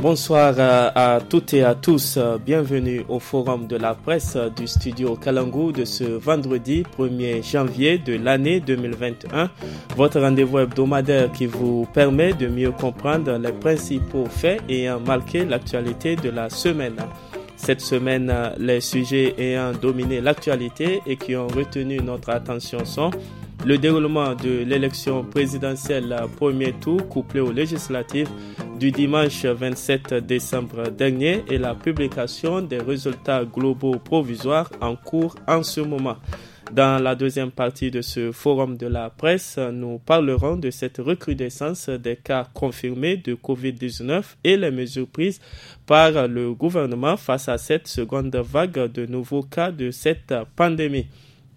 Bonsoir euh, à toutes et à tous. Euh, bienvenue au Forum de la presse euh, du studio Kalangou de ce vendredi 1er janvier de l'année 2021. Votre rendez-vous hebdomadaire qui vous permet de mieux comprendre les principaux faits ayant marqué l'actualité de la semaine. Cette semaine, les sujets ayant dominé l'actualité et qui ont retenu notre attention sont le déroulement de l'élection présidentielle à euh, premier tour couplé aux législatives du dimanche 27 décembre dernier et la publication des résultats globaux provisoires en cours en ce moment. Dans la deuxième partie de ce forum de la presse, nous parlerons de cette recrudescence des cas confirmés de COVID-19 et les mesures prises par le gouvernement face à cette seconde vague de nouveaux cas de cette pandémie.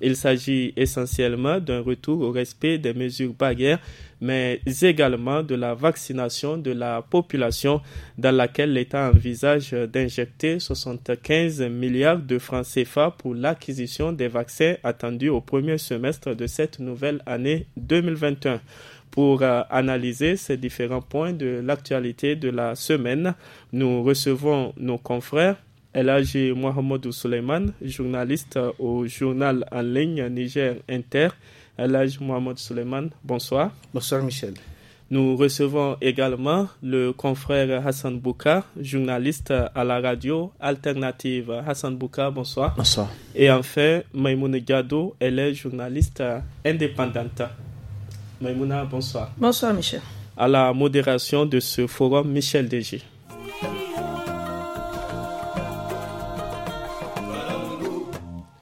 Il s'agit essentiellement d'un retour au respect des mesures barrières, mais également de la vaccination de la population dans laquelle l'État envisage d'injecter 75 milliards de francs CFA pour l'acquisition des vaccins attendus au premier semestre de cette nouvelle année 2021 pour euh, analyser ces différents points de l'actualité de la semaine. Nous recevons nos confrères Elage Mohamed Souleyman, journaliste euh, au journal en ligne Niger Inter. Elage Mohamed Souleyman, bonsoir. Bonsoir Michel. Nous recevons également le confrère Hassan Bouka, journaliste à la radio alternative. Hassan Bouka, bonsoir. Bonsoir. Et enfin, Maïmouna Gado, elle est journaliste indépendante. Maimouna, bonsoir. Bonsoir Michel. À la modération de ce forum, Michel Dégé.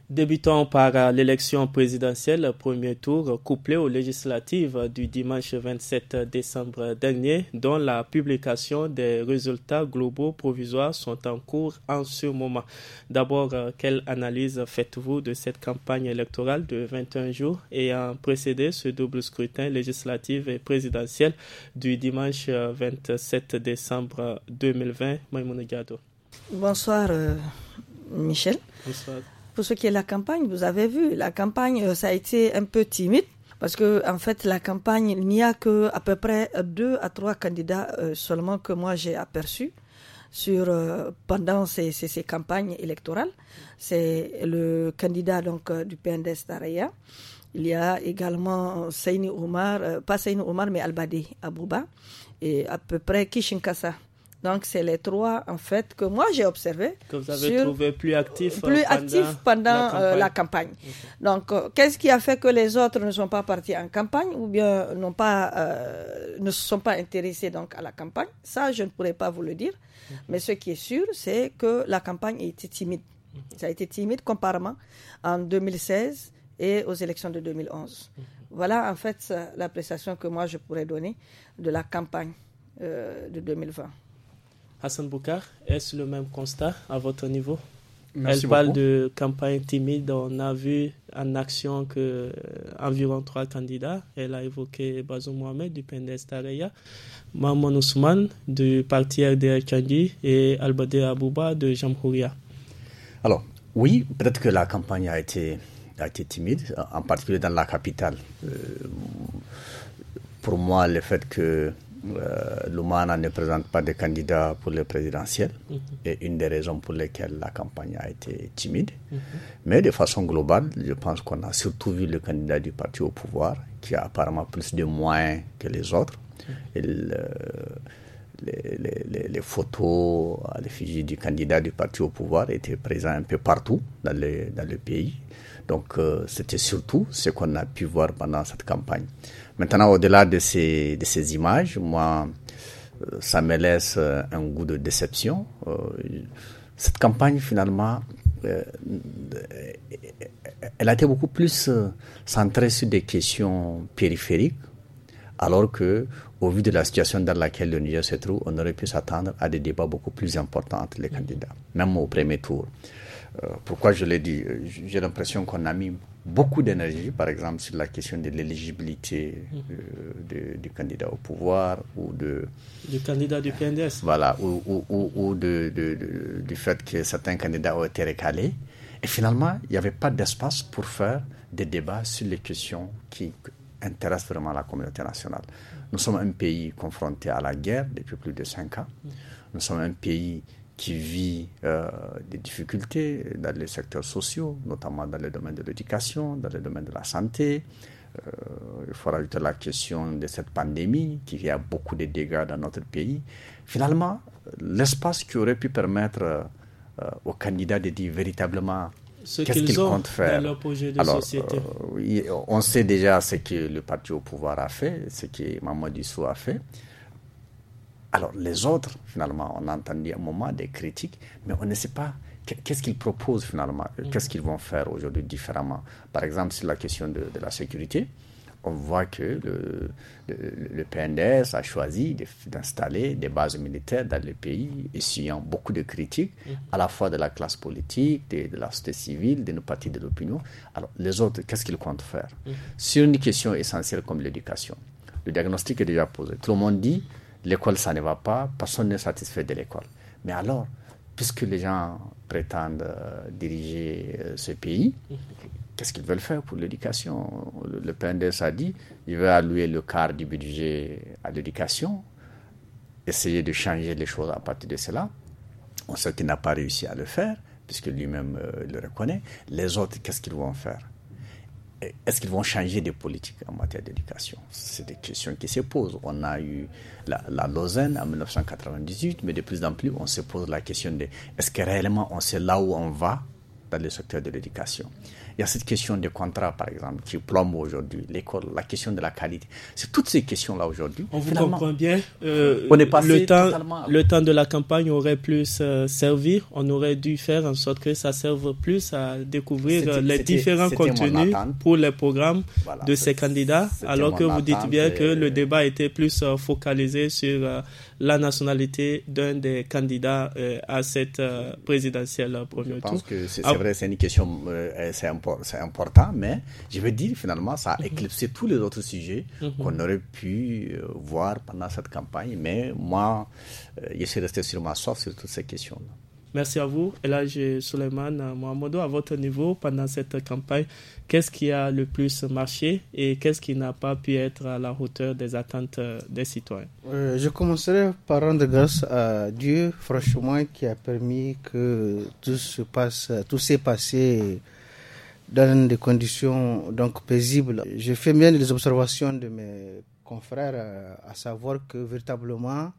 Débutons par euh, l'élection présidentielle, premier tour couplé aux législatives du dimanche 27 décembre dernier, dont la publication des résultats globaux provisoires sont en cours en ce moment. D'abord, euh, quelle analyse faites-vous de cette campagne électorale de 21 jours ayant précédé ce double scrutin législatif et présidentiel du dimanche 27 euh, décembre 2020, Bonsoir, Michel. Bonsoir pour ce qui est la campagne, vous avez vu, la campagne, euh, ça a été un peu timide. Parce que en fait, la campagne, il n'y a que à peu près deux à trois candidats euh, seulement que moi j'ai aperçus sur euh, pendant ces, campagnes électorales. C'est le candidat donc du PNDS Taraya. Il y a également Seini Omar, pas Seini Omar mais albadi Abouba et à peu près Kishinkasa. Donc, c'est les trois, en fait, que moi j'ai observé. Que vous avez trouvé plus actifs euh, plus pendant, pendant euh, la campagne. Donc, euh, qu'est-ce qui a fait que les autres ne sont pas partis en campagne ou bien n'ont pas, ne se sont pas intéressés donc, à la campagne Ça, je ne pourrais pas vous le dire. Mais ce qui est sûr, c'est que la campagne a été timide. Ça a été timide comparément en 2016 et aux élections de 2011. Voilà, en fait, l'appréciation que moi je pourrais donner de la campagne de 2020. Hassan Boukar, est-ce le même constat à votre niveau Elle parle de campagne timide. On a vu en action que euh, environ trois candidats. Elle a évoqué Bazou Mohamed du PNDS Tareya, Mahmoud Ousmane du parti RDR Changi et Albade Abouba de Jamhouria. Alors, oui, peut-être que la campagne a été, été timide, en particulier dans la capitale. Euh, pour moi, le fait que euh, Lumana ne présente pas de candidat pour le présidentiel. Mhm. Et une des raisons pour lesquelles la campagne a été timide. Mhm. Mais de façon globale, je pense qu'on a surtout vu le candidat du parti au pouvoir, qui a apparemment plus de moyens que les autres. Mhm. les, photos à l'effigie du candidat du parti au pouvoir étaient présentes un peu partout dans le pays. Donc euh, c'était surtout ce qu'on a pu voir pendant cette campagne. Maintenant, au-delà de ces, images, moi, euh, ça me laisse euh, un goût de déception. Cette campagne, finalement, elle a été beaucoup plus centrée sur des questions périphériques, alors que, au vu de la situation dans laquelle le Niger se trouve, on aurait pu s'attendre à des débats beaucoup plus importants entre les mm-hmm. candidats, même au premier tour. Euh, pourquoi je l'ai dit euh, J'ai l'impression qu'on a mis beaucoup d'énergie, par exemple, sur la question de l'éligibilité euh, du candidat au pouvoir ou de... Du candidat du PNDS. Voilà, ou, ou, ou, du fait que certains candidats ont été recalés. Et finalement, il n'y avait pas d'espace pour faire des débats sur les questions qui intéressent vraiment la communauté nationale. Nous sommes un pays confronté à la guerre depuis plus de cinq ans. Nous sommes un pays qui vit euh, des difficultés dans les secteurs sociaux, notamment dans le domaine de l'éducation, dans le domaine de la santé. Euh, il faut rajouter la question de cette pandémie qui a beaucoup de dégâts dans notre pays. Finalement, l'espace qui aurait pu permettre euh, aux candidats de dire véritablement ce ce qu'ils ont comptent faire. projet de Alors, société. on sait déjà ce que le parti au pouvoir a fait, ce que Mamadou Dissou a fait. Alors les autres, finalement, on a entendu un moment des critiques, mais on ne sait pas qu'est-ce qu'ils proposent finalement, mm. qu'est-ce qu'ils vont faire aujourd'hui différemment. Par exemple, sur la question de, la sécurité, on voit que le, le, PNDS a choisi d'installer des bases militaires dans le pays, essuyant beaucoup de critiques, mm. à la fois de la classe politique, de, de la société civile, de nos partis de l'opinion. Alors, les autres, qu'est-ce qu'ils comptent faire mm. Sur une question essentielle comme l'éducation, le diagnostic est déjà posé. Tout le monde dit l'école, ça ne va pas, personne n'est satisfait de l'école. Mais alors, puisque les gens prétendent euh, diriger euh, ce pays, qu'est-ce qu'ils veulent faire pour l'éducation le, PND PNDS a dit, il veut allouer le quart du budget à l'éducation, essayer de changer les choses à partir de cela. On sait qu'il n'a pas réussi à le faire, puisque lui-même euh, le reconnaît. Les autres, qu'est-ce qu'ils vont faire est-ce qu'ils vont changer de politique en matière d'éducation C'est des questions qui se posent. On a eu la, la Lausanne en 1998, mais de plus en plus, on se pose la question de est-ce que réellement on sait là où on va dans le secteur de l'éducation. Il y a cette question des contrats, par exemple, qui plombe aujourd'hui l'école, la question de la qualité. C'est toutes ces questions-là aujourd'hui. On vous comprend bien. Euh, le temps, le temps de la campagne aurait plus servir, servi. On aurait dû faire en sorte que ça serve plus à découvrir les différents contenus pour les programmes de ces candidats, alors que vous dites bien que le débat était plus euh, focalisé sur euh, la nationalité d'un des candidats euh, à cette euh, présidentielle présidentielle premier Je pense que c'est vrai, c'est une question, euh, c'est important, mais je veux dire finalement, ça a mhm. éclipsé tous les autres sujets mhm. qu'on aurait pu voir pendant cette campagne, mais moi, je suis resté sur ma soif sur toutes ces questions-là. Merci à vous. Et là, Suleiman euh, Mohamedou, à votre niveau, pendant cette campagne, qu'est-ce qui a le plus marché et qu'est-ce qui n'a pas pu être à la hauteur des attentes euh, des citoyens euh, Je commencerai par rendre grâce à Dieu, franchement, qui a permis que tout se passe, tout s'est passé dans des conditions donc paisibles. Je fais bien les observations de mes confrères, à savoir que véritablement,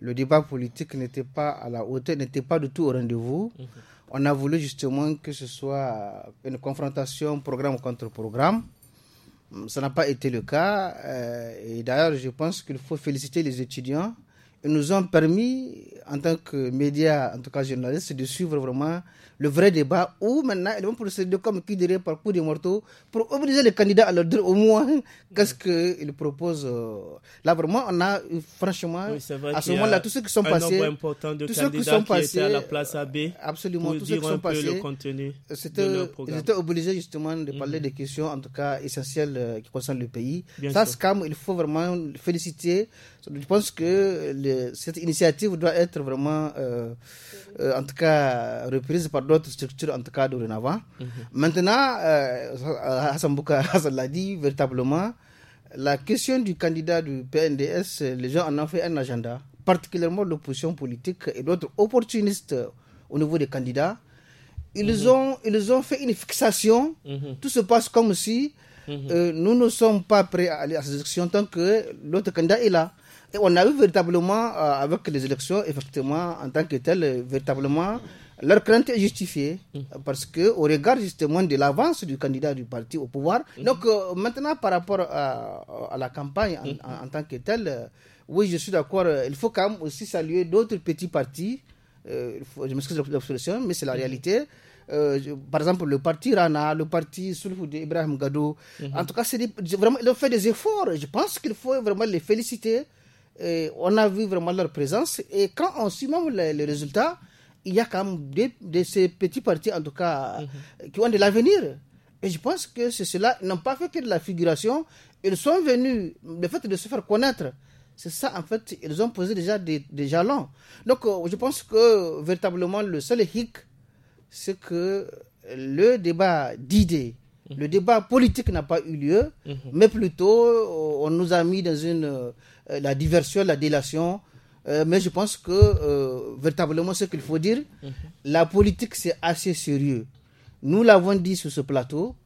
le débat politique n'était pas à la hauteur, n'était pas du tout au rendez-vous. Mhm. On a voulu justement que ce soit une confrontation programme contre programme. Mm, ça n'a pas été le cas. Euh, et d'ailleurs, je pense qu'il faut féliciter les étudiants. Ils nous ont permis en tant que média, en tout cas journaliste, de suivre vraiment le vrai débat ou maintenant ils vont procéder comme qui dirait par coup des mortaux pour obliger les candidats à leur dire au moins qu'est-ce qu'ils proposent. Euh, là vraiment on a franchement à ce moment-là tous ceux qui sont passés, tous ceux qui sont passés à la place euh, absolument tous ceux qui sont passés, euh, étaient obligés justement de mm-hmm. parler des questions en tout cas essentielles qui concernent le pays. Ça, il faut vraiment féliciter. Je pense que cette initiative doit être vraiment, euh, en tout cas, reprise par d'autres structures, en tout cas, dorénavant. Maintenant, Hassan Bouka l'a dit, véritablement, la question du candidat du PNDS, les gens en ont fait un agenda, particulièrement l'opposition politique et d'autres opportunistes au niveau des candidats. Ils, mm-hmm. ont, ils ont fait une fixation. Mm-hmm. Tout se passe comme si mm-hmm. euh, nous ne sommes pas prêts à aller à ces élections tant que l'autre candidat est là. Et on a eu véritablement, euh, avec les élections, effectivement, en tant que telles, véritablement, leur crainte est justifiée mm. parce que au regard justement de l'avance du candidat du parti au pouvoir. Mm. Donc euh, maintenant par rapport euh, à, la campagne en, mm. tant que telle, oui je suis d'accord. Il faut quand même aussi saluer d'autres petits partis. je m'excuse de l'obsession, mais c'est la réalité. par exemple le parti Rana, le parti Sulfou d'Ibrahim Gadou. Gado. Mm-hmm. En tout cas, c'est vraiment, ils ont fait des efforts. Je pense qu'il faut vraiment les féliciter on a vu vraiment leur présence. Et quand on suit même les, résultats, il y a quand même des, de ces petits partis, en tout cas, mhm. qui ont de l'avenir. Et je pense que cela, ils n'ont pas fait que de la figuration. Ils sont venus, le fait de se faire connaître, c'est ça, en fait, ils ont posé déjà des, des jalons. Donc, euh, je pense que véritablement, le seul hic, c'est que le débat d'idées, mhm. le débat politique n'a pas eu lieu, mhm. mais plutôt, euh, on nous a mis dans une euh, euh, la diversion, la délation. Euh, mais je pense que euh, véritablement ce qu'il faut dire, mhm. la politique c'est assez sérieux. Nous l'avons dit sur ce plateau,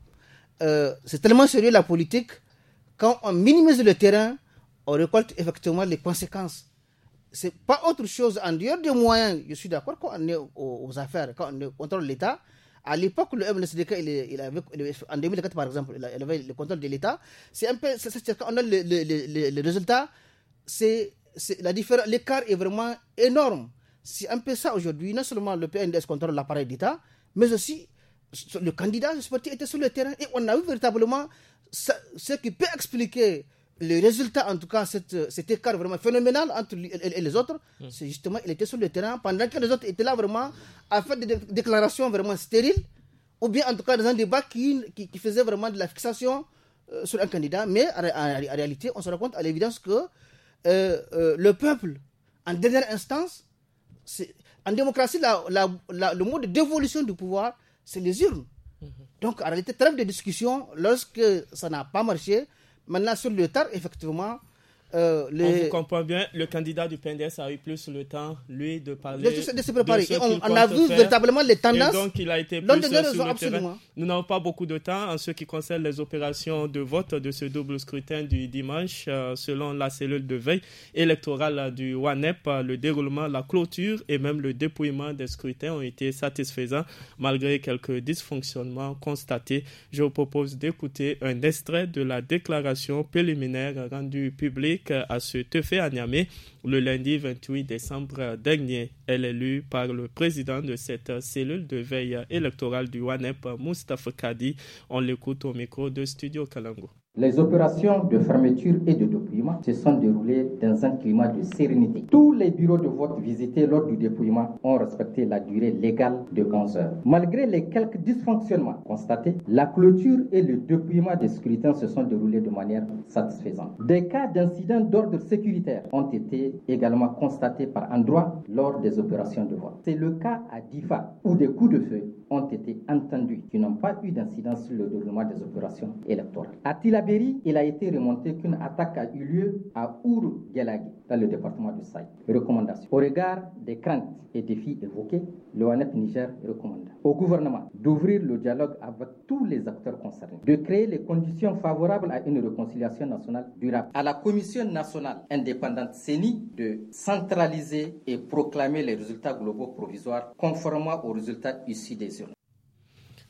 c'est tellement sérieux la politique, quand on minimise le terrain, on récolte effectivement les conséquences. C'est pas autre chose en dehors des moyens. Je suis d'accord quand on est aux, affaires, quand on contrôle l'État. À l'époque, le MNSDK, il, avait, en 2004 par exemple, il avait le contrôle de l'État. C'est un peu, c'est, on a le, le, le, le résultat c'est l'écart est vraiment énorme. C'est un peu ça aujourd'hui. Non seulement le PNDS contrôle l'appareil d'État, mais aussi le candidat ce sportif était sur le terrain et on a vu véritablement ce, qui peut expliquer le résultat, en tout cas, cet, cet écart vraiment phénoménal entre lui et, les autres, hmm. c'est justement, il était sur le terrain pendant que les autres étaient là vraiment à faire des déclarations vraiment stériles, ou bien en tout cas dans un débat qui, qui, faisait vraiment de la fixation euh, sur un candidat. Mais en, réalité, on se rend compte à l'évidence que euh, euh, le peuple, en dernière instance, en démocratie, le mode de dévolution du pouvoir, c'est les urnes. Mhm. Donc, en réalité, trêve de discussions, lorsque ça n'a pas marché, maintenant, sur le tard, effectivement, euh, on vous comprend bien, le candidat du PNDS a eu plus le temps, lui, de parler. préparer. on, a vu véritablement les tendances. donc, il a été plus sur le terrain. Hein. Nous n'avons pas beaucoup de temps en ce qui concerne les opérations de vote de ce double scrutin du dimanche, euh, selon la cellule de veille électorale du WANEP. Le déroulement, la clôture et même le dépouillement des scrutins ont été satisfaisants, malgré quelques dysfonctionnements constatés. Je vous propose d'écouter un extrait de la déclaration préliminaire rendue publique à ce se fait à Niamey le lundi 28 décembre dernier. Elle est élue par le président de cette cellule de veille électorale du WANEP, Mustafa Kadi. On l'écoute au micro de Studio Kalango. Les opérations de fermeture et de se sont déroulés dans un climat de sérénité. Tous les bureaux de vote visités lors du dépouillement ont respecté la durée légale de 11 heures. Malgré les quelques dysfonctionnements constatés, la clôture et le dépouillement des scrutins se sont déroulés de manière satisfaisante. Des cas d'incidents d'ordre sécuritaire ont été également constatés par endroits lors des opérations de vote. C'est le cas à Difa où des coups de feu ont été entendus qui n'ont pas eu d'incidence sur le déroulement des opérations électorales. À Tilaberi, il a été remonté qu'une attaque a eu lieu à Our dans le département du Recommandation. Au regard des craintes et défis évoqués, l'ONF e Niger recommande au gouvernement d'ouvrir le dialogue avec tous les acteurs concernés, de créer les conditions favorables à une réconciliation nationale durable, à la Commission nationale indépendante CENI de centraliser et proclamer les résultats globaux provisoires conformément aux résultats issus des urnes.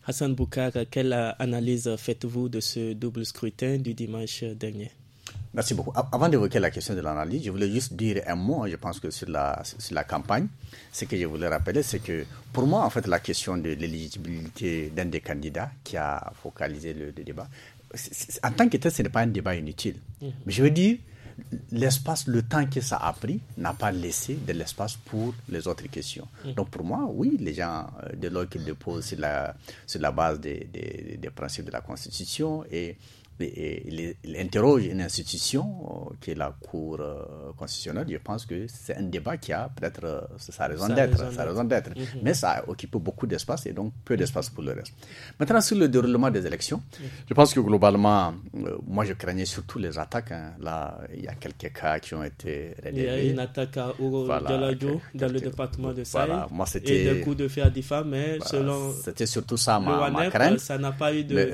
Hassan Boukar, quelle analyse faites-vous de ce double scrutin du dimanche dernier Merci beaucoup. Avant d'évoquer la question de l'analyse, je voulais juste dire un mot, je pense que sur la, sur la campagne. Ce que je voulais rappeler, c'est que pour moi, en fait, la question de l'éligibilité d'un des candidats qui a focalisé le, débat, en tant que tel, ce n'est pas un débat inutile. Mm-hmm. Mais je veux dire, l'espace, le temps que ça a pris n'a pas laissé de l'espace pour les autres questions. Mm-hmm. Donc pour moi, oui, les gens, euh, de lors qu'ils déposent sur la, la base des, des, des, principes de la Constitution et et il, interroge une institution euh, qui est la Cour euh, constitutionnelle. Je pense que c'est un débat qui a peut-être sa euh, raison d'être, sa raison d'être. Mais ça occupe beaucoup d'espace et donc peu d'espace pour le reste. Maintenant, sur le déroulement des élections, mhm. je pense que globalement, moi je craignais surtout les attaques. Hein. Là, il y a quelques cas qui ont été relevés. Il y a une attaque à Ouro voilà, dans le département de Sahel. c'était. Et des coups de feu à des femmes, mais selon. C'était surtout ça ma, Ça n'a pas eu de. Mais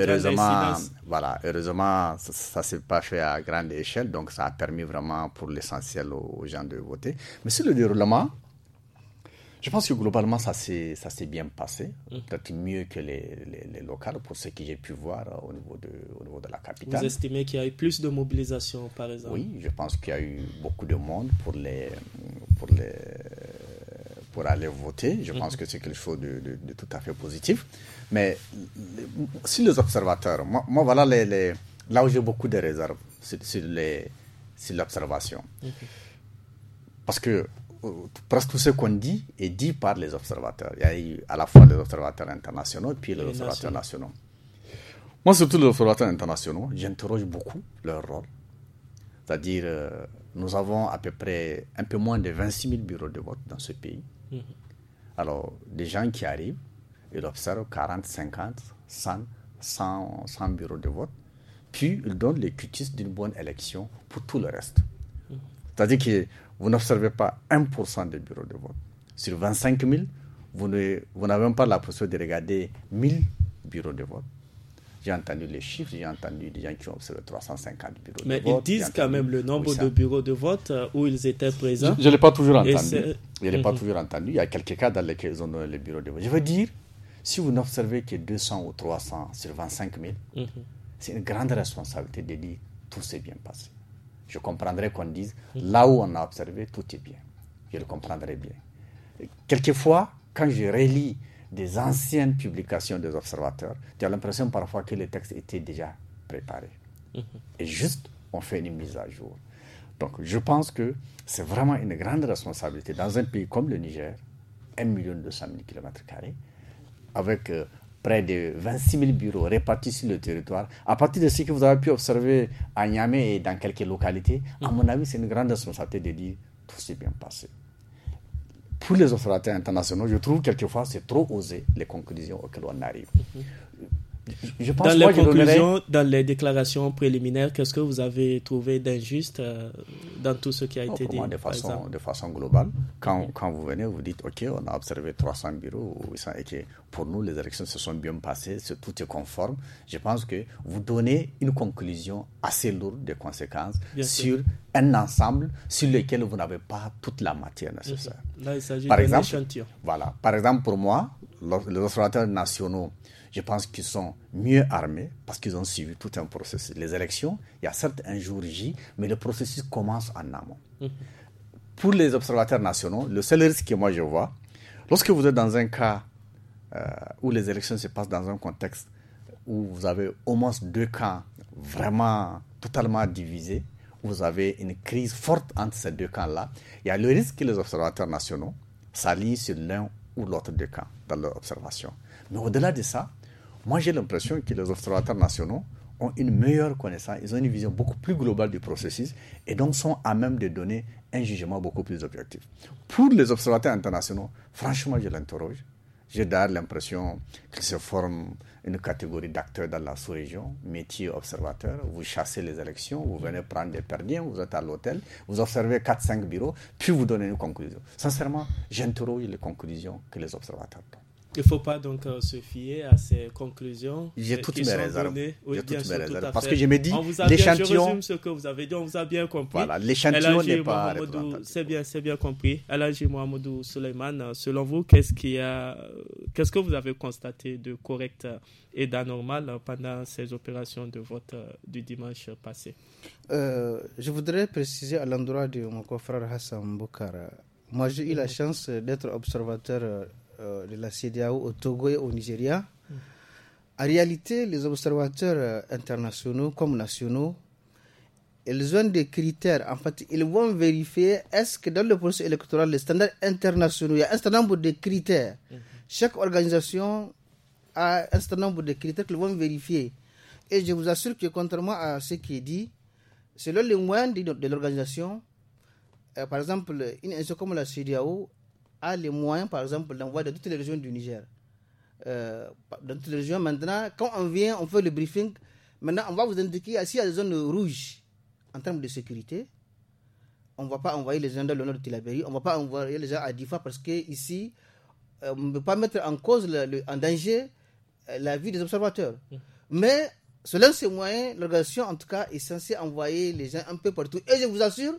voilà, heureusement ça ne s'est pas fait à grande échelle, donc ça a permis vraiment pour l'essentiel aux, gens de voter. Mais sur le déroulement, je pense que globalement, ça s'est bien passé, mmh. peut-être mieux que les, les, locales, pour ce que j'ai pu voir euh, au niveau, de, au niveau de la capitale. Vous estimez qu'il y a eu plus de mobilisation, par exemple Oui, je pense qu'il y a eu beaucoup de monde pour les, pour les, pour aller voter. Je pense mhm. que c'est quelque chose de, tout à fait positif. Mais si les observateurs, moi, voilà les, là où j'ai beaucoup de réserves sur, l'observation. Mhm. Parce que euh, presque tout ce qu'on dit est dit par les observateurs. Il y a à la fois les observateurs internationaux et puis les, observateurs nationaux. Moi, surtout les observateurs internationaux, j'interroge beaucoup leur rôle. C'est-à-dire, euh, nous avons à peu près un peu moins de 26 000 bureaux de vote dans ce pays. Mhm. Alors, des gens qui arrivent, ils observent 40, 50, 100, 100, 100 bureaux de vote, puis ils donnent les cutis d'une bonne élection pour tout le reste. Mhm. C'est-à-dire que vous n'observez pas 1% des bureaux de vote. Sur 25 000, vous n'avez même pas la possibilité de regarder 1000 bureaux de vote. J'ai entendu les chiffres, j'ai entendu des gens qui ont observé 350 bureaux Mais de vote. Mais ils disent quand même le nombre de bureaux de vote euh, où ils étaient présents. Je ne l'ai pas toujours entendu. Je l'ai pas mhm. toujours entendu. Il y a quelques cas dans lesquels ils ont donné les bureaux de vote. Je veux dire, si vous n'observez que 200 ou 300 sur 25 000, mhm. c'est une grande responsabilité de dire tout s'est bien passé. Je comprendrais qu'on dise mhm. là où on a observé, tout est bien. Je le comprendrais bien. Quelquefois, quand je relis des anciennes publications des observateurs, tu as l'impression parfois que les textes étaient déjà préparés. Mhm. Et juste, on fait une mise à jour. Donc, je pense que c'est vraiment une grande responsabilité dans un pays comme le Niger, 1 200 kilomètres km, avec euh, près de 26 000 bureaux répartis sur le territoire. À partir de ce que vous avez pu observer à Niamey et dans quelques localités, à mhm. mon avis, c'est une grande responsabilité de dire tout s'est bien passé pour les opérateurs internationaux, je trouve quelquefois c'est trop osé les conclusions auxquelles on arrive dans les dans les déclarations préliminaires, qu'est-ce que vous avez trouvé d'injuste euh, dans tout ce qui a oh, été dit de façon, de façon globale, quand, quand, vous venez, vous dites OK, on a observé 300 bureaux et que pour nous, les élections se sont bien passées, tout est conforme. Je pense que vous donnez une conclusion assez lourde de conséquences sur un ensemble sur lequel vous n'avez pas toute la matière nécessaire. Là, il s'agit d'un Voilà. Par exemple, pour moi, les observateurs nationaux, je pense qu'ils sont mieux armés parce qu'ils ont suivi tout un processus. Les élections, il y a certes un jour J, mais le processus commence en amont. Mhm. Pour les observateurs nationaux, le seul risque que moi je vois, lorsque vous êtes dans un cas euh, où les élections se passent dans un contexte où vous avez au moins deux camps vraiment totalement divisés, vous avez une crise forte entre ces deux camps-là, il y a le risque que les observateurs nationaux s'allient sur l'un ou l'autre des cas dans leur observation. Mais au-delà de ça, moi j'ai l'impression que les observateurs nationaux ont une meilleure connaissance, ils ont une vision beaucoup plus globale du processus et donc sont à même de donner un jugement beaucoup plus objectif. Pour les observateurs internationaux, franchement, je l'interroge. J'ai d'ailleurs l'impression qu'ils se forment une catégorie d'acteurs dans la sous-région, métier observateur. Vous chassez les élections, vous venez prendre des perdiens, vous êtes à l'hôtel, vous observez 4-5 bureaux, puis vous donnez une conclusion. Sincèrement, j'interroge les conclusions que les observateurs donnent. Il ne faut pas donc euh, se fier à ces conclusions. J'ai toutes mes réserves. Oui, toutes mes parce que je me dis, l'échantillon. ce que vous avez dit, on vous a bien compris. Voilà, l'échantillon n'est pas. C'est bien, c'est bien compris. j'ai Mohamedou Suleiman, euh, selon vous, qu'est-ce qui a, euh, qu'est-ce que vous avez constaté de correct et d'anormal pendant ces opérations de vote du dimanche passé Je voudrais préciser à l'endroit de mon confrère Hassan Boukara. Moi, j'ai eu la mhm. chance d'être observateur euh, de la CDAO au Togo et au Nigeria, en réalité, les observateurs euh, internationaux comme nationaux, ils ont des critères. En fait, ils vont vérifier est-ce que dans le processus électoral, les standards internationaux, il y a un certain nombre de critères. Mhm. Chaque organisation a un certain nombre de critères qu'ils vont vérifier. Et je vous assure que contrairement à ce qui est dit, selon les moyens de, l'organisation, euh, par exemple, une institution comme la CDAO, a les moyens, par exemple, d'envoyer dans toutes les régions du Niger. Euh, dans toutes les régions, maintenant, quand on vient, on fait le briefing. Maintenant, on va vous indiquer ah, s'il y a des zones rouges en termes de sécurité. On ne va pas envoyer les gens dans le nord de Tilaberi, on ne va pas envoyer les gens à Difa parce qu'ici, euh, on ne peut pas mettre en cause, le, en danger, euh, la vie des observateurs. Mais selon ces moyens, l'organisation, en tout cas, est censée envoyer les gens un peu partout. Et je vous assure,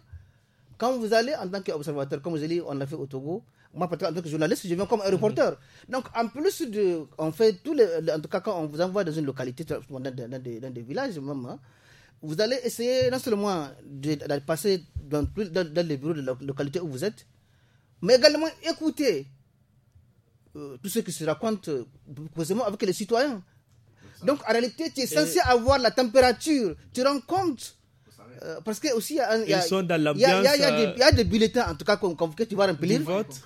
quand vous allez en tant qu'observateur, comme je l'ai, on l'a fait au Togo, moi, en tant que journaliste, je viens comme un mhm. reporter. Donc, en plus de. On fait tous les. En tout cas, quand on vous envoie dans une localité, dans des, villages même, hein, vous allez essayer non seulement de, passer dans, dans, les bureaux de la localité où vous êtes, mais également écouter euh, tout ce qui se raconte euh, avec les citoyens. Donc, en réalité, tu es censé avoir la température. Tu rends compte euh, parce que aussi, il y, y, y, y a des bulletins, en tout cas, qu'on que tu vas remplir. Vote.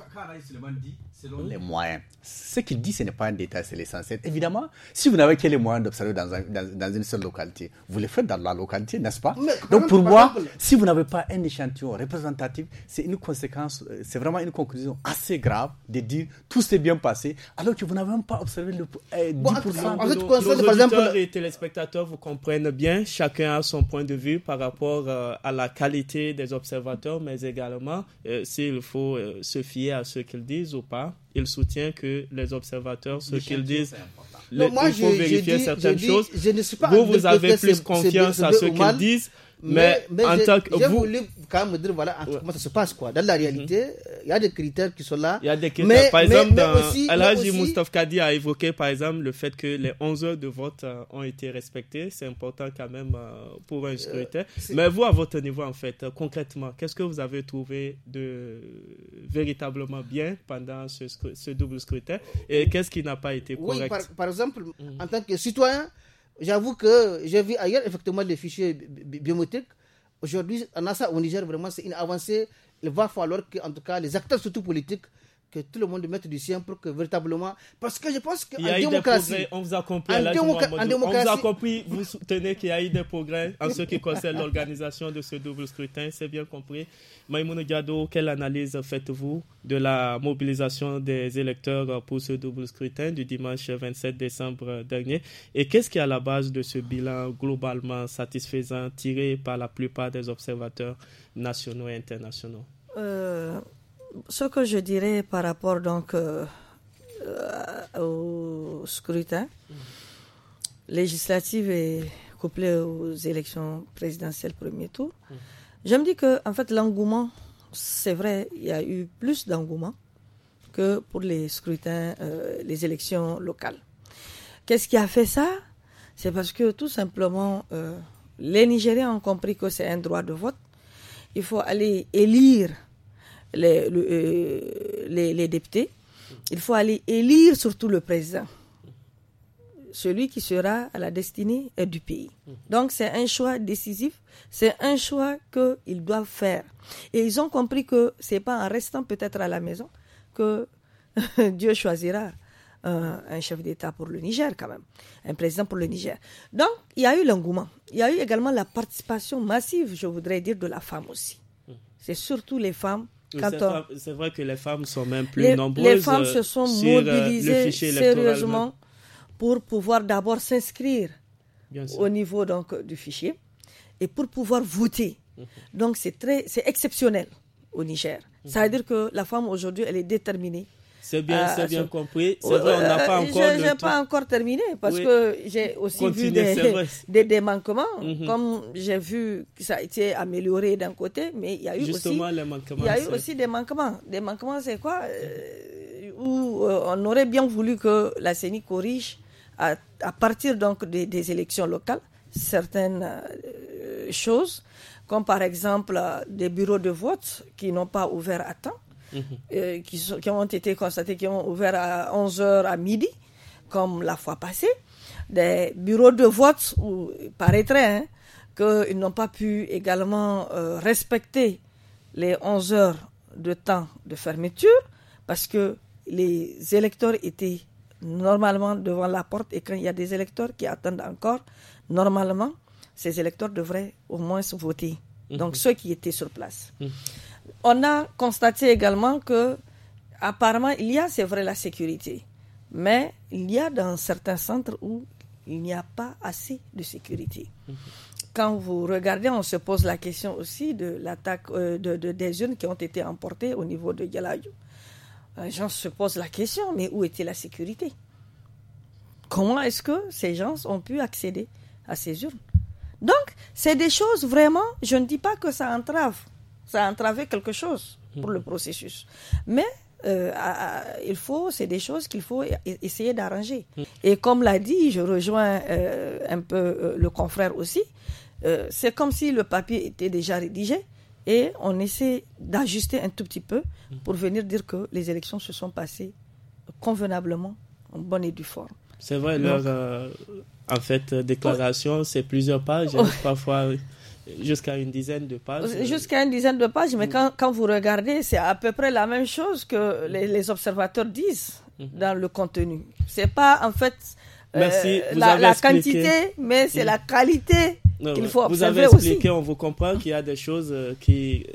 Les moyens. Ce qu'il dit, ce n'est pas un détail, c'est l'essentiel. Évidemment, si vous n'avez que les moyens d'observer dans, une seule localité, vous les faites dans la localité, n'est-ce pas Donc, pour moi, si vous n'avez pas un échantillon représentatif, c'est une conséquence, euh, c'est vraiment une conclusion assez grave de dire tout s'est bien passé, alors que vous n'avez même pas observé le euh, en, nos, par exemple, les téléspectateurs vous comprennent bien, chacun a son point de vue par rapport euh, à la qualité des observateurs, mais également euh, s'il faut euh, se fier à ce qu'ils disent ou pas. Il soutient que les observateurs, ce qu'ils disent, il faut vérifier certaines choses. vous, vous avez plus confiance à ce qu'ils disent mais, en tant que. vous... quand même dire voilà comment ça se passe. quoi. Dans la réalité, euh, il y a des critères qui sont là. Il y a des critères. par exemple, Alhaji Kadi a évoqué par exemple le fait que les 11 heures de vote euh, ont été respectées. C'est important quand même euh, pour un scrutin. mais vous, à votre niveau, en fait, concrètement, qu'est-ce que vous avez trouvé de véritablement bien pendant ce, double scrutin et qu'est-ce qui n'a pas été correct Oui, par, exemple, mm. en tant que citoyen, J'avoue que j'ai vu ailleurs, effectivement, les fichiers biométriques. Aujourd'hui, en a au Niger, vraiment, c'est une avancée. Il va falloir que, en tout cas, les acteurs, surtout politiques, que tout le monde mette du sien pour que véritablement. Parce que je pense qu'en démocratie. on vous a compris, en, démocratie. On vous a compris, vous soutenez qu'il y a eu des progrès en ce qui concerne l'organisation de ce double scrutin, c'est bien compris. Maïmoun Gado, quelle analyse faites-vous de la mobilisation des électeurs pour ce double scrutin du dimanche 27 décembre dernier Et qu'est-ce qui est à la base de ce bilan globalement satisfaisant tiré par la plupart des observateurs nationaux et internationaux euh, ce que je dirais par rapport donc euh, euh, au scrutin législatif et couplé aux élections présidentielles premier tour, je me dis que en fait l'engouement, c'est vrai, il y a eu plus d'engouement que pour les scrutins, euh, les élections locales. Qu'est-ce qui a fait ça C'est parce que tout simplement, les Nigériens ont compris que c'est un droit de vote. Il faut aller élire euh, les, députés, il faut aller élire surtout le président celui qui sera à la destinée euh, du pays. Donc c'est un choix décisif, c'est un choix qu'ils doivent faire. Et ils ont compris que c'est pas en restant peut-être à la maison que Dieu choisira euh, un chef d'État pour le Niger quand même, un président pour le Niger. Donc il y a eu l'engouement, il y a eu également la participation massive, je voudrais dire, de la femme aussi. C'est surtout les femmes c'est vrai que les femmes sont même plus nombreuses. Les femmes se sont euh, euh, mobilisées sérieusement pour pouvoir d'abord s'inscrire au niveau donc, du fichier et pour pouvoir voter. Mhm. Donc c'est exceptionnel au Niger. Mhm. Ça veut dire que la femme aujourd'hui, elle est déterminée c'est bien, c'est bien euh, compris. C'est vrai, on n'a euh, pas euh, encore. Je n'ai pas encore terminé parce que j'ai aussi vu des, des, manquements. Mhm. Comme j'ai vu que ça a été amélioré d'un côté, mais il y a eu aussi. des manquements. Des manquements, c'est quoi Où on aurait bien voulu que la CENI corrige à, partir donc des, élections locales certaines choses, comme par exemple des bureaux de vote qui n'ont pas ouvert à temps Mhm. Euh, qui, ont été constatés, qui ont ouvert à 11h à midi, comme la fois passée. Des bureaux de vote où il paraîtrait hein, qu'ils n'ont pas pu également euh, respecter les 11 h de temps de fermeture parce que les électeurs étaient normalement devant la porte et quand il y a des électeurs qui attendent encore, normalement, ces électeurs devraient au moins voter. Donc mhm. ceux qui étaient sur place. Mhm on a constaté également que, apparemment, il y a, c'est vrai, la sécurité, mais il y a dans certains centres où il n'y a pas assez de sécurité. Quand vous regardez, on se pose la question aussi de l'attaque euh, de, des jeunes qui ont été emportés au niveau de Galayou. Euh, les gens se posent la question, mais où était la sécurité Comment est-ce que ces gens ont pu accéder à ces urnes Donc, c'est des choses vraiment, je ne dis pas que ça entrave ça a entravé quelque chose pour le mhm. processus. Mais euh, il faut, c'est des choses qu'il faut e, e, essayer d'arranger. Mhm. Et comme l'a dit, je rejoins euh, un peu euh, le confrère aussi, c'est comme si le papier était déjà rédigé et on essaie d'ajuster un tout petit peu mhm. pour venir dire que les élections se sont passées convenablement, en bonne et due forme. C'est vrai, leur, en fait, déclaration, c'est plusieurs pages, parfois... Jusqu'à une dizaine de pages. Euh, jusqu'à une dizaine de pages, mais mm. quand, quand vous regardez, c'est à peu près la même chose que les, observateurs disent mm-hmm. dans le contenu. C'est pas en fait euh, la, quantité, mais c'est mm-hmm. la qualité vous avez expliqué, on vous comprend qu'il y a des choses euh, euh, qui,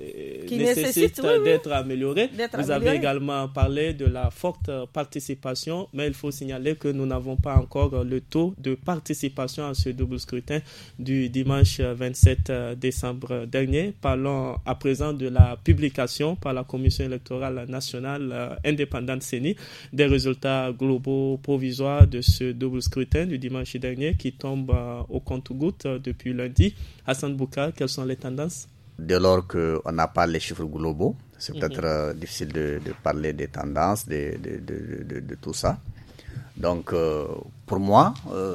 nécessitent, d'être améliorées. Vous avez également parlé de la forte participation, mais il faut signaler que nous n'avons pas encore le taux de participation à ce double scrutin du dimanche 27 euh, décembre dernier. Parlons à présent de la publication par la Commission électorale nationale indépendante CENI des résultats globaux provisoires de ce double scrutin du dimanche dernier qui tombe au compte-goutte depuis lundi. Hassan Bouka, quelles sont les tendances Dès lors qu'on n'a pas les chiffres globaux, c'est mhm. peut-être euh, difficile de, parler des tendances, de, tout ça. Donc, euh, pour moi, euh,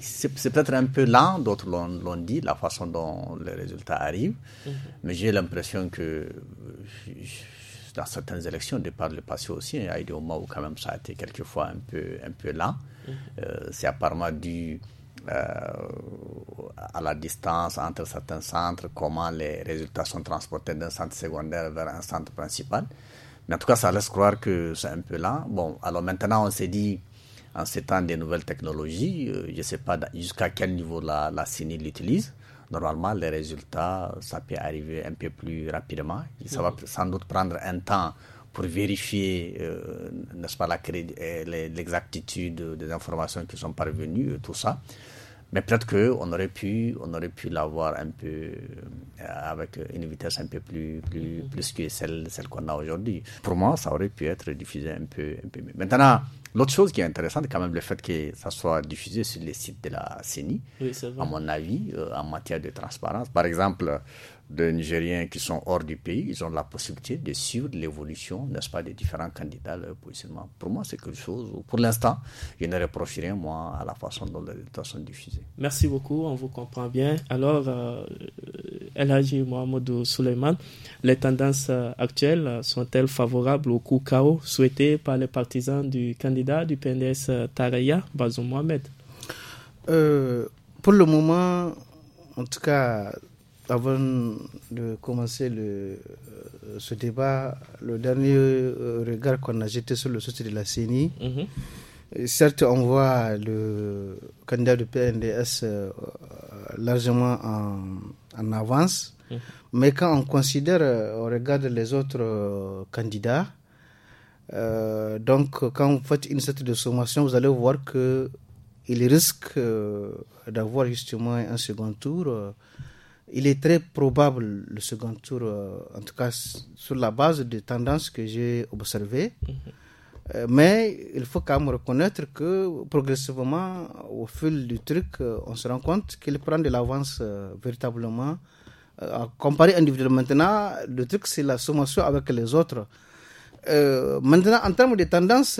c'est peut-être un peu lent, d'autres l'ont dit, la façon dont les résultats arrivent, mhm. mais j'ai l'impression que dans certaines élections, de par le passé aussi, il y a eu des moments où quand même ça a été quelquefois un peu, un peu lent. Mhm. c'est apparemment dû euh, à la distance entre certains centres, comment les résultats sont transportés d'un centre secondaire vers un centre principal. Mais en tout cas, ça laisse croire que c'est un peu là. Bon, alors maintenant, on s'est dit, en ces temps des nouvelles technologies, euh, je ne sais pas jusqu'à quel niveau la, la CINI l'utilise. Normalement, les résultats, ça peut arriver un peu plus rapidement. Ça va mhm. sans doute prendre un temps pour vérifier, euh, n'est-ce pas, l'exactitude des informations qui sont parvenues, tout ça. Mais peut-être qu'on aurait pu, on aurait pu l'avoir un peu euh, avec une vitesse un peu plus, plus, mm-hmm. plus que celle, celle qu'on a aujourd'hui. Pour moi, ça aurait pu être diffusé un peu, un peu mieux. Maintenant, l'autre chose qui est intéressante, quand même, le fait que ça soit diffusé sur les sites de la CENI, oui, à mon avis, euh, en matière de transparence. Par exemple, de Nigériens qui sont hors du pays, ils ont la possibilité de suivre l'évolution, n'est-ce pas, des différents candidats, leur positionnement. Pour moi, c'est quelque chose pour l'instant, je ne reproche rien, moi, à la façon dont les résultats sont diffusés. Merci beaucoup, on vous comprend bien. Alors, euh, euh Elhaji Mohamed Souleyman, les tendances euh, actuelles euh, sont-elles favorables au coup KO souhaité par les partisans du candidat du PNDS Taraya, Bazoum Mohamed Pour le moment, en tout cas, avant de commencer le, euh, ce débat, le dernier euh, regard qu'on a jeté sur le site de la CENI, mhm. euh, Certes, on voit le candidat du PNDS largement en, avance, mhm. mais quand on considère, on regarde les autres candidats, donc quand vous faites une sorte de sommation, vous allez voir que il risque d'avoir justement un second tour il est très probable le second tour, euh, en tout cas sur la base des tendances que j'ai observées. Mm-hmm. Euh, mais il faut quand même reconnaître que progressivement, au fil du truc, euh, on se rend compte qu'il prend de l'avance véritablement. comparé individuellement, maintenant, le truc, c'est la sommation avec les autres. maintenant, en termes de tendances,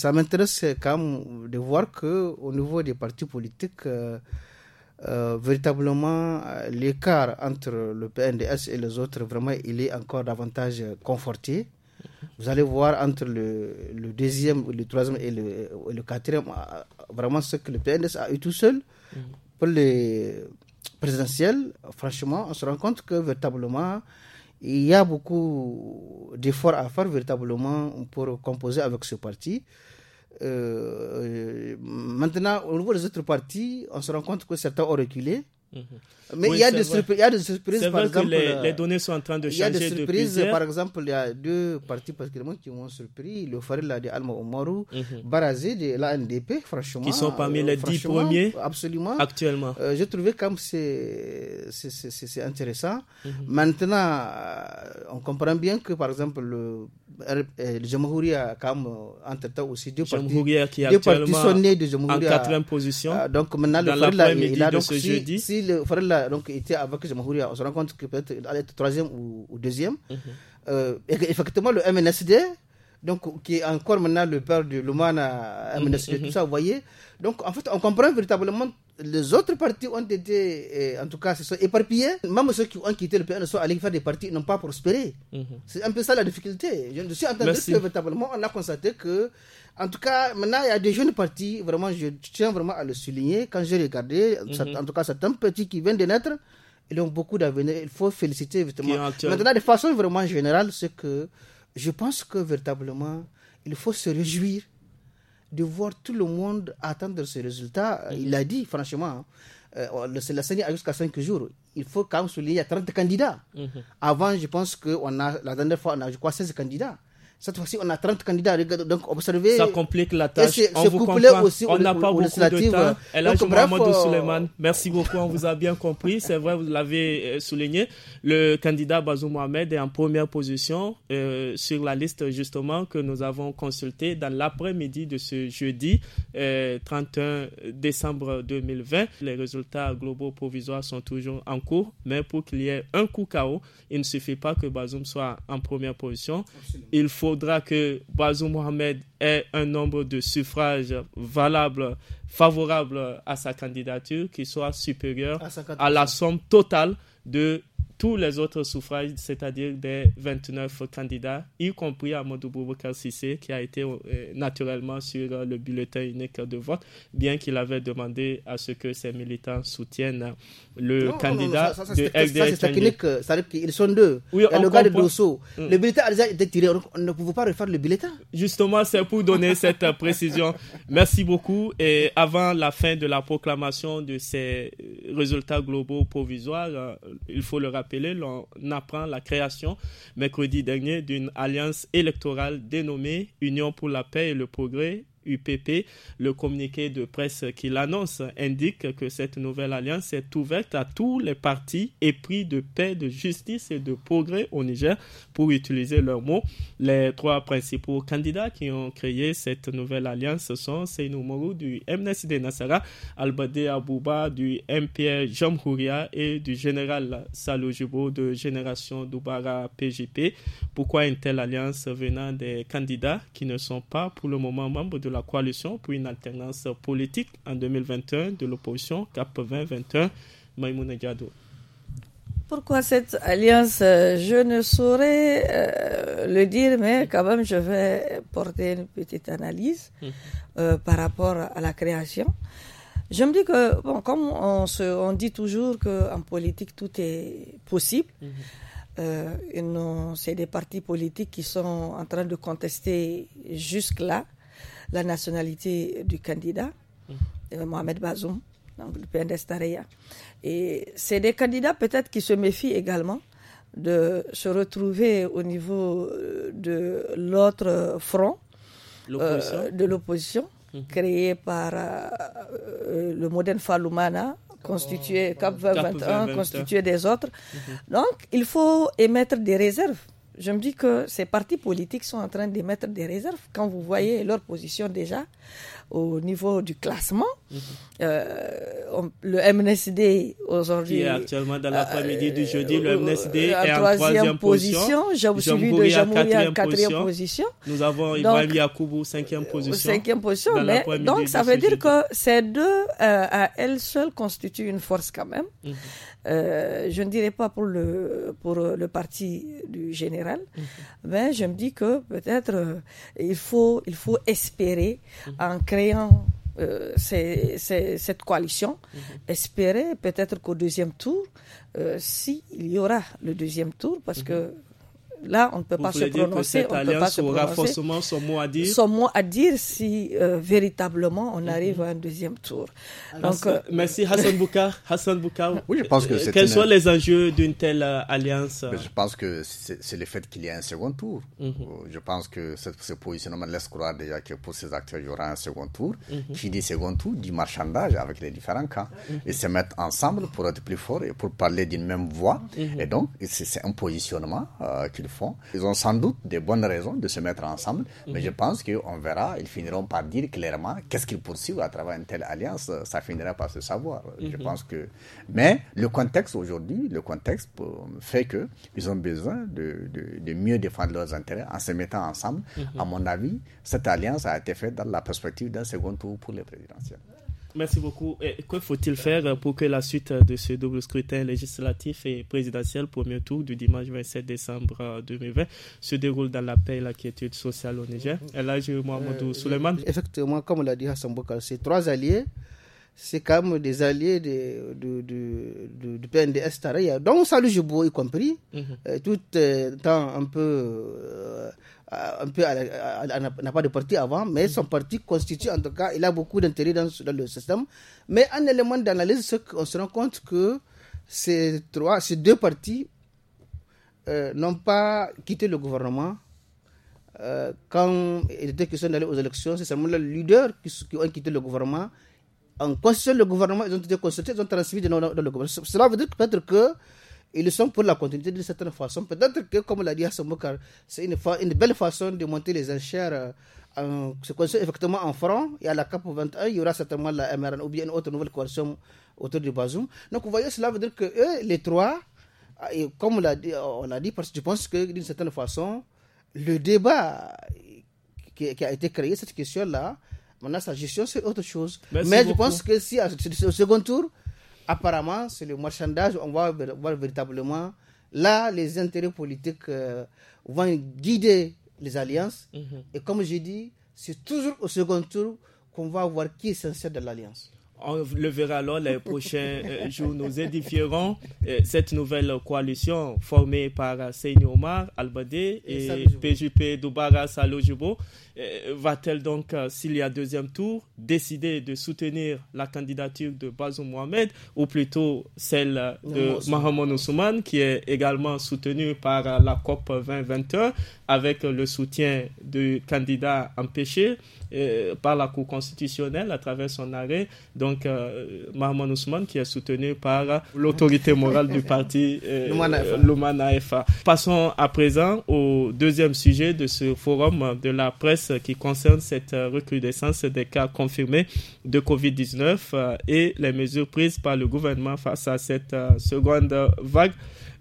ça m'intéresse quand même de voir qu'au niveau des partis politiques, euh, véritablement euh, l'écart entre le PNDS et les autres, vraiment, il est encore davantage conforté. Vous allez voir entre le, deuxième, le troisième et le, quatrième, euh, vraiment ce que le PNDS a eu tout seul mm-hmm. pour les présidentielles. Franchement, on se rend compte que véritablement, il y a beaucoup d'efforts à faire véritablement pour composer avec ce parti. Euh, euh, maintenant, au niveau des autres partis, on se rend compte que certains ont reculé. Mhm. Mais il, y a des surprises, par exemple. Euh, les, données sont en train de changer. Il y a des surprises, par exemple, il y a deux partis particulièrement qui m'ont surpris. Le Farila de Alma Omaru, mhm. Barazé de l'ANDP, franchement. Qui sont parmi les dix premiers absolument, actuellement. J'ai trouvé comme c'est intéressant. Mhm. Maintenant, on comprend bien que, par exemple, le euh, Jamhouria, comme euh, entre-temps aussi, deux parties, qui est deux parties sont nées de Jamhouria. En quatrième position. Ah, donc maintenant, le Farla est là. Donc, si, jeudi. si le Farla donc, était avec Jamhouria, on se rend compte qu'il peut être, troisième ou, ou deuxième. Mm -hmm. euh, effectivement, le MNSD donc qui est encore maintenant le père de l'Oumana, mm -hmm. tout mhm. ça, vous voyez. Donc en fait, on comprend véritablement les autres partis ont été, eh, en tout cas, se sont éparpillés. Même ceux qui ont quitté le PN sont allés faire des partis, n'ont pas prospéré. Mhm. C'est un peu ça la difficulté. Je suis entendu que véritablement, on a constaté que, en tout cas, maintenant, il y a des jeunes partis, vraiment, je tiens vraiment à le souligner. Quand j'ai regardé, en tout mhm. cas, certains petits qui viennent de naître, ils ont beaucoup d'avenir. Il faut féliciter, justement. Maintenant, de façon vraiment générale, c'est que je pense que véritablement, il faut se réjouir de voir tout le monde attendre ce résultat. Il a dit, franchement. Hein, euh, la a jusqu'à 5 jours. Il faut quand même souligner, qu'il y a 30 candidats. Mhm. Avant, je pense que on a, la dernière fois, on a, je crois, 16 candidats. Cette fois-ci, on a 30 candidats donc Ça complique la tâche. on vous on n'a pas beaucoup de temps. donc, euh, merci beaucoup. On vous a bien compris. C'est vrai, vous l'avez euh, souligné. Le candidat Bazoum Mohamed est en première position euh, sur la liste justement que nous avons consultée dans l'après-midi de ce jeudi 31 décembre 2020. Les résultats globaux provisoires sont toujours en cours, mais pour qu'il y ait un coup chaos, il ne suffit pas que Bazoum soit en première position. Il faut faudra que Bazou Mohamed ait un nombre de suffrages valables, favorables à sa candidature qui soit supérieur à la somme totale de tous les autres suffrages, c'est-à-dire des 29 candidats, y compris Amadou Boubacar Sissé, qui a été euh, naturellement sur euh, le bulletin unique de vote, bien qu'il avait demandé à ce que ses militants soutiennent le candidat non, ça, ça, de Ça, euh, c'est sont deux. le de Le bulletin a déjà été tiré, on ne pouvait pas refaire le bulletin. Justement, c'est pour donner cette précision. Merci beaucoup. Et avant la fin de la proclamation de ces résultats globaux provisoires, il faut le rappeler, on apprend la création mercredi dernier d'une alliance électorale dénommée Union pour la paix et le progrès UPP. Le communiqué de presse qui l'annonce indique que cette nouvelle alliance est ouverte à tous les partis épris de paix, de justice et de progrès au Niger, pour utiliser leurs mots. Les trois principaux candidats qui ont créé cette nouvelle alliance sont Seynou Morou du MNSD Nassara, Albade Abouba du MPR Jamhouria et du général Salou Jubo de Génération Doubara PJP. Pourquoi une telle alliance venant des candidats qui ne sont pas pour le moment membres de la coalition pour une alternance politique en 2021 de l'opposition CAP 2021 Maïmouna Diado. Pourquoi cette alliance euh, Je ne saurais euh, le dire, mais quand même, je vais porter une petite analyse mhm. euh, par rapport à la création. Je me dis que, bon, comme on, se, on dit toujours qu'en politique, tout est possible, mhm. c'est des partis politiques qui sont en train de contester jusque-là la nationalité du candidat, euh, Mohamed Bazoum, donc le PNDS Et c'est des candidats peut-être qui se méfient également de se retrouver au niveau euh, de l'autre front euh, de l'opposition mhm. créé par le modèle Faloumana oh, constitué Cap 2021 constitué des autres. Mhm. Donc il faut émettre des réserves je me dis que ces partis politiques sont en train d'émettre des réserves. Quand vous voyez leur position déjà au niveau du classement, mhm. euh, le MNSD aujourd'hui. Qui est actuellement dans l'après-midi du euh, jeudi, le MNSD euh, est en troisième position. jean Suivi de Jamoury en quatrième position. Nous avons Ibrahim Yakoubou cinquième position. Cinquième position, mais donc ça veut dire que ces deux à elles seules constituent une force quand même. Mhm. Euh, je ne dirais pas pour le, pour le parti du général, mhm. mais je me dis que peut-être euh, il, faut, il faut espérer mhm. en créant euh, cette coalition, mhm. espérer peut-être qu'au deuxième tour, s'il y aura le deuxième tour, parce que là, on ne peut pas se prononcer. Que on peut pas se prononcer. forcément son mot à dire. Son mot à dire si euh, véritablement on mhm. arrive à un deuxième tour. Donc, euh, merci Hassan Boukar. Hassan Boukar. pense euh, Quels sont les enjeux d'une telle alliance Je pense que c'est le fait qu'il y ait un second tour. Mhm. Je pense que ce positionnement laisse croire déjà que pour ces acteurs, il y aura un second tour. Mhm. Qui dit second tour dit marchandage avec les différents camps. Ils se mettent ensemble pour être plus forts et pour parler d'une même voix. Et donc, c'est un positionnement qu'il ils ont sans doute des bonnes raisons de se mettre ensemble, mais mhm. je pense qu'on verra, ils finiront par dire clairement qu'est-ce qu'ils poursuivent à travers une telle alliance. Ça finira par se savoir. Je mhm. pense que. Mais le contexte aujourd'hui, le contexte euh, fait que ils ont besoin de, de, mieux défendre leurs intérêts en se mettant ensemble. Mhm. À mon avis, cette alliance a été faite dans la perspective d'un second tour pour les présidentielles. Merci beaucoup. Et que faut-il faire pour que la suite de ce double scrutin législatif et présidentiel premier tour du dimanche 27 décembre 2020 euh, se déroule dans la paix et la quiétude sociale au Niger Et là, j'ai Mohamedou euh, Souleymane. Euh, effectivement, comme l'a dit Hassan Bokal, ces trois alliés, c'est comme des alliés du PNDS Taraya, dont Salut y compris, mm-hmm. tout étant un peu ah, un peu n'a pas de parti avant, mais son parti constitue en tout cas, il a beaucoup d'intérêt dans, le système. Mais un élément d'analyse, qu'on se rend compte que ces, trois, ces deux partis euh, n'ont pas quitté le gouvernement euh, quand il était question d'aller aux élections. C'est seulement les leaders qui, qui, ont quitté le gouvernement. En constituant le gouvernement, ils ont été consultés, ils ont transmis dans, dans le gouvernement. Cela veut dire peut-être que ils sont pour la continuité d'une certaine façon. Peut-être que, comme l'a dit Hassan c'est une, une, belle façon de monter les enchères. Euh, c'est qu'on sait, effectivement en francs et à la CAP 21, il y aura certainement la MRN ou bien une autre nouvelle coalition autour du Bazoum. Donc, vous voyez, cela veut dire que eux, les trois, euh, et comme on l'a dit, euh, dit, parce que je pense que d'une certaine façon, le débat qui, a été créé, cette question-là, maintenant sa gestion, c'est autre chose. Mais je pense que si, au second tour, apparemment, c'est le marchandage, on va voir véritablement, là, les intérêts politiques euh, vont guider les alliances. Mhm. Et comme je dis, c'est toujours au second tour qu'on va voir qui est sincère de l'alliance on le verra alors les prochains euh, jours. Nous édifierons euh, cette nouvelle coalition formée par Seyni Omar, Albade et, PJP Doubara Salojubo. Euh, va-t-elle donc, s'il y a deuxième tour, décider de soutenir la candidature de Bazoum Mohamed ou plutôt celle de Mohamed Ousmane qui est également soutenue par la COP 2021 avec le soutien du candidat empêché euh, par la Cour constitutionnelle à travers son arrêt. Donc, euh, Mahmoud Ousmane, qui est soutenu par l'autorité morale du parti euh, Passons à présent au deuxième sujet de ce forum de la presse qui concerne cette recrudescence des cas confirmés de COVID-19 euh, et les mesures prises par le gouvernement face à cette seconde vague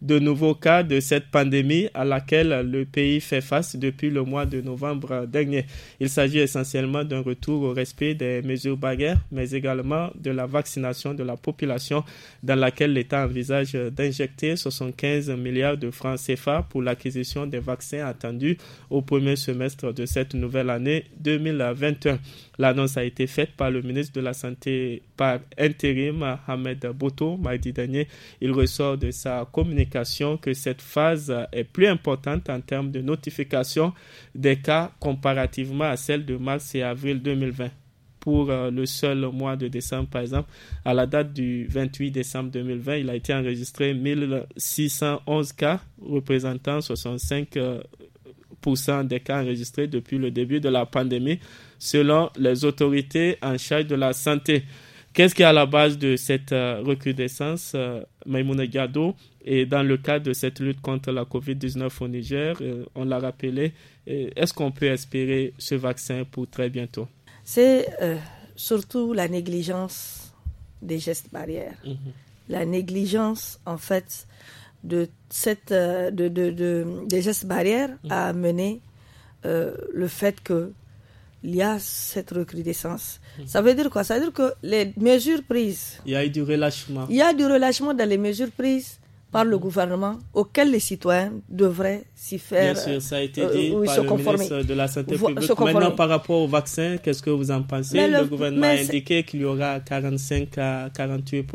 de nouveaux cas de cette pandémie à laquelle le pays fait face depuis le mois de novembre dernier. Il s'agit essentiellement d'un retour au respect des mesures barrières, mais également de la vaccination de la population dans laquelle l'État envisage d'injecter 75 milliards de francs CFA pour l'acquisition des vaccins attendus au premier semestre de cette nouvelle année 2021. L'annonce a été faite par le ministre de la Santé par intérim, Ahmed Boto, mardi dernier. Il ressort de sa communication que cette phase est plus importante en termes de notification des cas comparativement à celle de mars et avril 2020 pour euh, le seul mois de décembre, par exemple, à la date du 28 décembre 2020, il a été enregistré 1611 cas, représentant 65% euh, des cas enregistrés depuis le début de la pandémie selon les autorités en charge de la santé. Qu'est-ce qui est à la base de cette euh, recrudescence, euh, Maïmouna Gado Et dans le cadre de cette lutte contre la COVID-19 au Niger, euh, on l'a rappelé, est-ce qu'on peut espérer ce vaccin pour très bientôt C'est surtout la négligence des gestes barrières. Mhm. La négligence, en fait, de cette, de, de, des gestes barrières mhm. a amené le fait que il y a cette recrudescence. Ça veut dire quoi Ça veut dire que les mesures prises... Il y a eu du relâchement. Il y a du relâchement dans les mesures prises par le gouvernement auxquelles les citoyens devraient s'y faire. Bien sûr, ça a été euh, dit par se le ministre de la Santé publique. Maintenant, par rapport au vaccin, qu'est-ce que vous en pensez le, gouvernement a indiqué qu'il y aura 45 à 48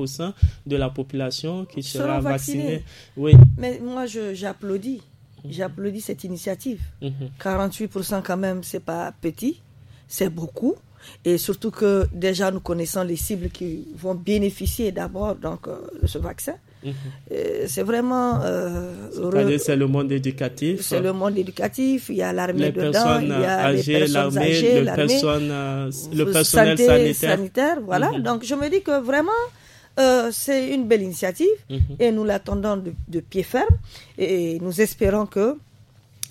de la population qui sera vaccinée. Oui. Mais moi, j'applaudis. Mhm. J'applaudis cette initiative. 48 mhm. quand même, c'est pas petit c'est beaucoup. Et surtout que déjà nous connaissons les cibles qui vont bénéficier d'abord donc euh, de ce vaccin. Mhm. C'est vraiment. Euh, c'est le monde éducatif. C'est le monde éducatif. Il y a l'armée dedans. il y a les personnes âgées, le, euh, le personnel sanitaire. Voilà. Mhm. Donc je me dis que vraiment. c'est une belle initiative mhm. et nous l'attendons de, pied ferme et nous espérons que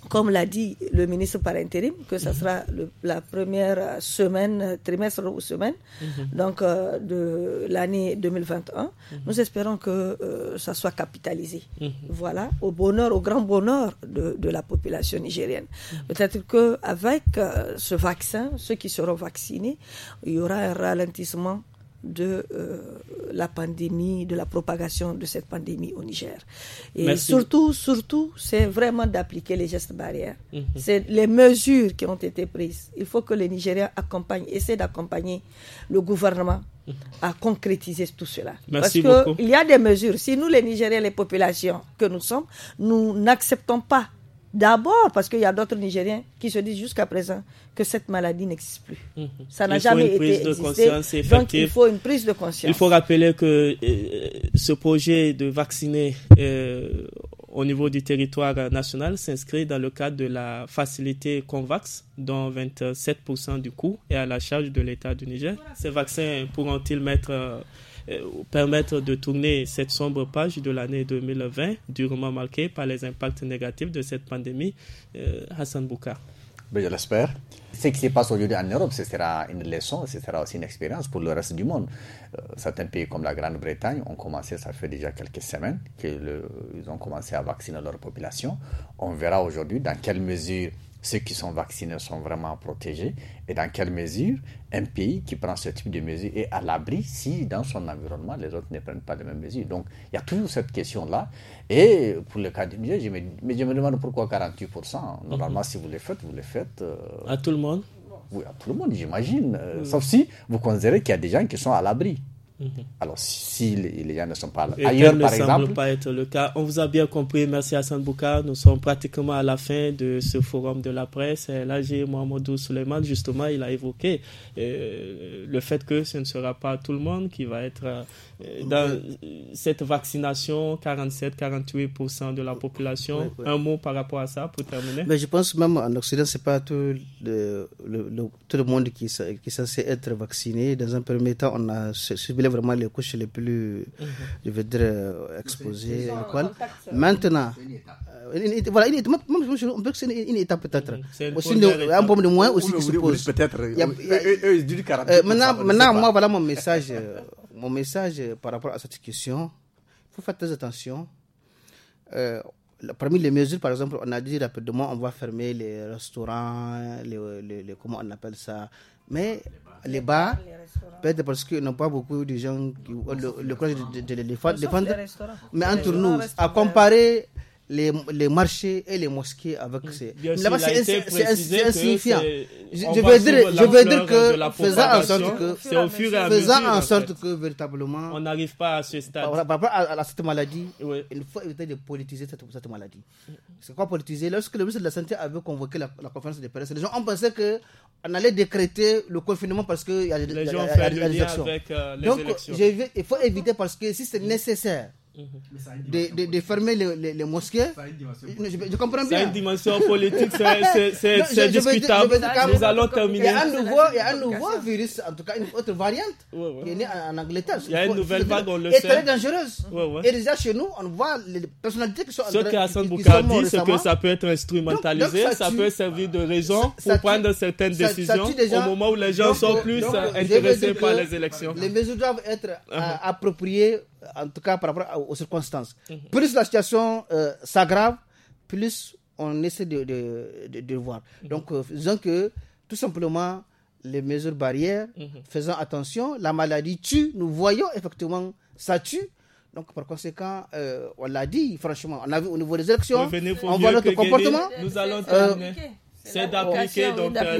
comme l'a dit le ministre par intérim, que ce sera la première semaine, trimestre ou semaine, mhm. donc euh, de l'année 2021. Mhm. Nous espérons que euh, ça soit capitalisé. Mhm. Voilà, au bonheur, au grand bonheur de, la population nigérienne. Peut-être qu'avec avec euh, ce vaccin, ceux qui seront vaccinés, il y aura un ralentissement de euh, la pandémie, de la propagation de cette pandémie au Niger. Et surtout, surtout, c'est vraiment d'appliquer les gestes barrières. Mhm. C'est les mesures qui ont été prises. Il faut que les Nigériens accompagnent, essaient d'accompagner le gouvernement mhm. à concrétiser tout cela. parce Parce qu'il y a des mesures. Si nous, les Nigériens, les populations que nous sommes, nous n'acceptons pas D'abord parce qu'il y a d'autres Nigériens qui se disent jusqu'à présent que cette maladie n'existe plus. Mhm. Ça n'a jamais été existé. Donc il faut une prise de conscience. Il faut rappeler que euh, ce projet de vacciner euh, au niveau du territoire national s'inscrit dans le cadre de la facilité Convax, dont 27% du coût est à la charge de l'État du Niger. Ces vaccins pourront-ils mettre euh, euh, permettre de tourner cette sombre page de l'année 2020, durement marquée par les impacts négatifs de cette pandémie. Euh, Hassan Bouka. Ben, je l'espère. Ce qui se passe aujourd'hui en Europe, ce sera une leçon, ce sera aussi une expérience pour le reste du monde. Euh, certains pays comme la Grande-Bretagne ont commencé, ça fait déjà quelques semaines qu'ils ont commencé à vacciner leur population. On verra aujourd'hui dans quelle mesure ceux qui sont vaccinés sont vraiment protégés et dans quelle mesure un pays qui prend ce type de mesures est à l'abri si dans son environnement les autres ne prennent pas les mêmes mesures. Donc il y a toujours cette question-là. Et pour le cas du Niger, je me, demande pourquoi 48%. Normalement, mhm. si vous les faites, vous le faites. Euh, à tout le monde Oui, à tout le monde, j'imagine. Euh, sauf si vous considérez qu'il y a des gens qui sont à l'abri. Mhm. Alors, si, les, gens ne sont pas là. ailleurs, par exemple, pas être le cas. On vous a bien compris. Merci à Bouka. Nous sommes pratiquement à la fin de ce forum de la presse. là j'ai Mohamedou Suleiman, justement, il a évoqué euh, le fait que ce ne sera pas tout le monde qui va être euh, dans cette vaccination, 47-48% de la population. Un mot par rapport à ça pour terminer. Mais je pense même en Occident, c'est pas tout le, tout le monde qui, qui est censé être vacciné. Dans un premier temps, on a subi il vraiment les couches les plus, je veux dire, euh, exposées. Quoi. Euh, maintenant, voilà, on peut que c'est une, étape peut-être. un peu de moins aussi qui se Peut-être. Maintenant, moi, voilà mon message, euh, mon message par rapport à cette question. Il faut faire très attention. parmi les mesures, par exemple, on a dit rapidement on va fermer les restaurants, les comment on appelle ça, mais les bars, peut-être parce qu'ils n'ont pas beaucoup de gens qui ont le, courage de, de les défendre. Mais entre nous, à comparer les, les marchés et les mosquées avec mm. ces. Là-bas, c'est insignifiant. Je veux dire, je veux dire que faisant en sorte que, faisant en sorte que véritablement, on n'arrive pas à ce stade. Par rapport à, cette maladie, il faut éviter de politiser cette, cette maladie. C'est quoi politiser Lorsque le ministre de la Santé avait convoqué la, conférence des presse, les gens ont pensé que on allait décréter le confinement parce qu'il y a des élections. Donc, il faut éviter parce que si c'est mm. nécessaire de, mhm. de, fermer les, mosquées. Je, comprends bien. C'est une dimension politique, c'est discutable. Nous allons terminer. Il y a un nouveau, a un nouveau hein. virus, en tout cas une autre variante, qui est née en, Angleterre. Il y a une nouvelle vague, on le sait. très dangereuse. Et déjà chez nous, on voit les personnalités qui sont Ce que dit, c'est que ça peut être instrumentalisé, ça, peut servir de raison pour prendre certaines décisions au moment où les gens sont plus intéressés par les élections. Les mesures doivent être uh-huh. appropriées en tout cas par rapport aux circonstances. Mhm. Plus la situation euh, s'aggrave, plus on essaie de, de, de, voir. Mhm. Donc, euh, disons que tout simplement, les mesures barrières, mhm. faisant attention, la maladie tue, nous voyons effectivement ça tue. Donc, par conséquent, euh, on l'a dit, franchement, on a vu au niveau des élections, on voit notre comportement. nous allons c'est d'appliquer donc les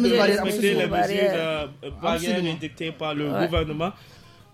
mesures barrières, les par le gouvernement.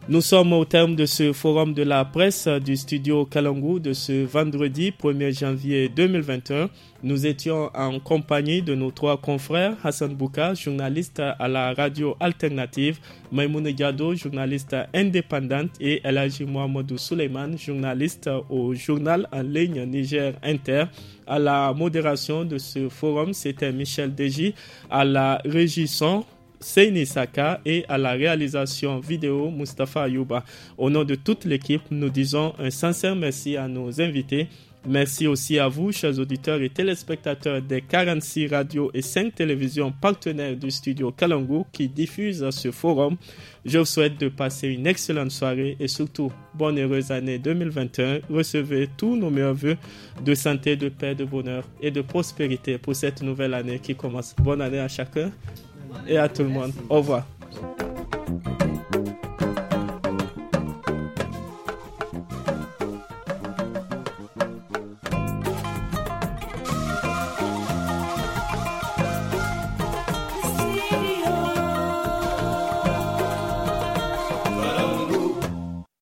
Nous sommes au terme de ce forum de la presse du studio Kalangu de ce vendredi 1er janvier 2021. Nous étions en compagnie de nos trois confrères, Hassan Bouka, journaliste à la radio alternative, Maimoune Diado, journaliste indépendante, et Elhaji Mohamedou Suleiman, journaliste au journal en ligne Niger Inter. À la modération de ce forum, c'était Michel Deji, à la régissant. Seine Saka et à la réalisation vidéo Mustafa Ayouba. Au nom de toute l'équipe, nous disons un sincère merci à nos invités. Merci aussi à vous, chers auditeurs et téléspectateurs des 46 radios et 5 télévisions partenaires du studio Kalangu qui diffusent ce forum. Je vous souhaite de passer une excellente soirée et surtout bonne heureuse année 2021. Recevez tous nos meilleurs voeux de santé, de paix, de bonheur et de prospérité pour cette nouvelle année qui commence. Bonne année à chacun et à tout le monde. Au revoir.